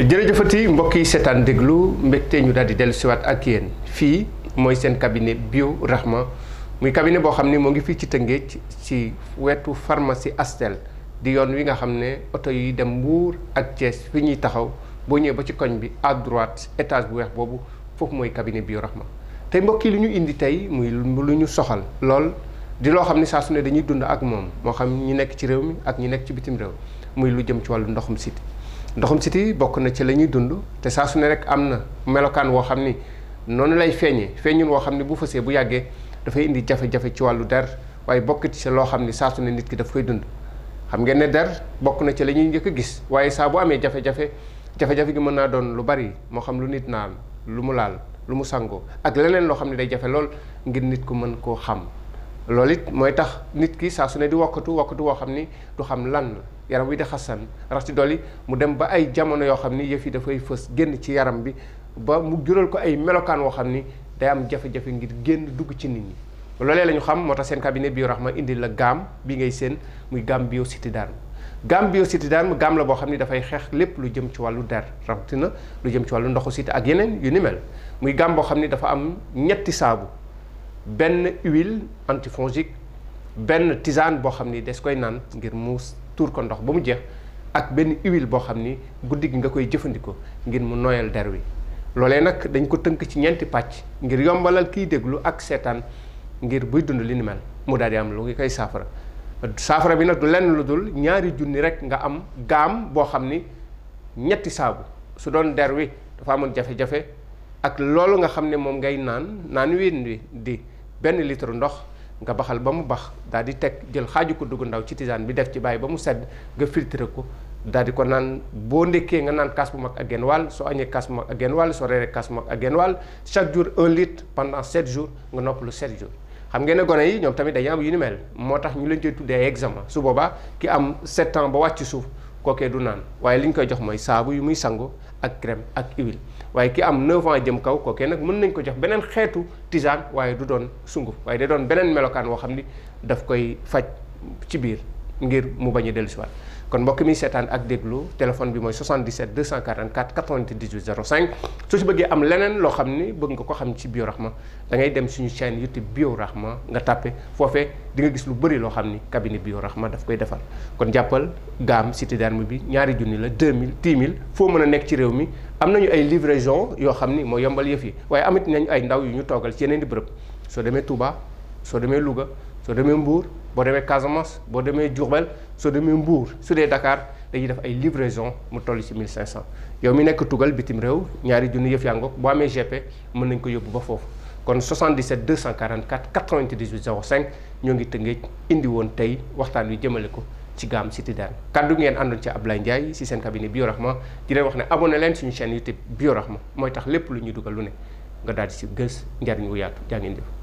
jërëjëfati mbokk yi seetaan déglu mbégte ñu daal di dellu siwaat ak yéen fii mooy seen cabinet bio rahma muy cabinet boo xam ne moo ngi fii ci Tëngéej ci wetu pharmacie Astel di yoon wi nga xam ne oto yi dem Mbuur ak Thiès fi ñuy taxaw boo ñëwee ba ci koñ bi à droite étage bu weex boobu foofu mooy cabinet bio rahma tey mbokk yi lu ñu indi tey muy lu ñu soxal lool di loo xam ne saa su ne dañuy dund ak moom moo xam ñi nekk ci réew mi ak ñi nekk ci bitim réew muy lu jëm ci wàllu ndoxum siti ndoxum siti bokk na ci la ñuy dund te saa su ne rek am na melokaan woo xam ni noonu lay feeñee feeñun woo xam ni bu fësee bu yàggee dafay indi jafe-jafe ci wàllu der waaye bokk ci loo xam ni saa su ne nit ki dafa koy dund xam ngeen ne der bokk na ci la ñuy njëkk a gis waaye saa bu amee jafe-jafe jafe-jafe gi mën naa doon lu bari moo xam lu nit naan lu mu laal lu mu sangoo ak leneen loo xam ne day jafe lool ngir nit ko mën koo xam loolu it mooy tax nit ki saa su ne di wakkatu wokkatu woo xam ni du xam lan la yaram wi di xasan rax ci dolli mu dem ba ay jamono yoo xam ni yëf yi dafay fës génn ci yaram bi ba mu jural ko ay melokaan woo xam ni day am jafe-jafe ngir génn dugg ci nit ñi. loolee la ñu xam moo tax seen bii rax ma indi la gaam bi ngay seen muy gaam bio citidane gaam bio citidane gaam la boo xam ni dafay xeex lépp lu jëm ci wàllu der na lu jëm ci wàllu ndoxu siti ak yeneen yu mel muy gaam boo xam ni dafa am ñetti saabu. benn huile antifongique benn tisane boo xam ni des koy naan ngir mu tuur ko ndox ba mu jeex ak benn huile boo xam ni guddi gi nga koy jëfandikoo ngir mu noyal der wi loolee nag dañ ko tënk ci ñeenti pàcc ngir yombalal kiy déglu ak seetaan ngir buy dund li ni mu daal di am lu ngi koy saafara saafara bi nag du lenn lu dul ñaari junni rek nga am gaam boo xam ni ñetti saabu su doon der wi dafa amoon jafe-jafe ak loolu nga xam ne moom ngay naan naan win wi di benn litre ndox nga baxal ba mu bax daal di teg jël xaaju ko dugg ndaw ci tisane bi def ci bàyyi ba mu sedd nga filtre ko daal di ko naan boo ndekkee nga naan kaas bu mag ak genn wàll soo añee kaas bu mag ak genn wàll soo reeree kaas bu mag ak genn wàll chaque jour un litre pendant 7 jours nga noppalu 7 jours. xam ngeen ne gone yi ñoom tamit day am yu ni mel moo tax ñu leen cee tuddee examen su boobaa ki am 7 ans ba wàcc suuf. kookee du naan waaye li ñu koy jox mooy saabu yu muy sangoo ak crème ak huile waaye ki am 9 ans jëm kaw kookee nag mën nañ ko jox beneen xeetu tisane waaye du doon sunguf waaye da doon beneen melokaan woo xam ni daf koy faj ci biir ngir mu bañ a dellusiwaat kon mbokk mi seetaan ak déglu téléphone bi mooy 77 244 98 05 soo ci bëggee am leneen loo xam ni bëgg nga ko xam ci Biorahma da dangay dem suñu chaîne YouTube ma nga tàppe foofee di nga gis lu bëri loo xam ni cabinet ma daf koy defar kon jàppal gaam cité d'arme bi ñaari junni la 2000 10 mille foo mën a nekk ci réew mi am nañu ay livraison yoo xam ni moo yombal yëf yi waaye amit nañu ay ndaw yu ñu toogal ci yeneen di bërëb soo demee Louga soo demee Mbour boo demee Casamance boo demee Diourbel soo demee Mbour su dee Dakar dañuy def ay livraison mu toll ci 1500 yow mi nekk tugal bitim réew ñaari junni yëf yaa ngoog boo amee GP mën nañ ko yóbbu ba foofu kon 77 244 98 05 ñoo ngi tëngeej indi woon tey waxtaan wi jëmale ko ci gaam Citadine kàddu ngeen àndoon ci ab Ablaye Ndiaye ci seen cabinet Biorahma di leen wax ne abonné leen suñu chaîne YouTube Biorahma mooy tax lépp lu ñuy dugal lu ne nga daal di si gës njariñ wu yaatu jaa ngeen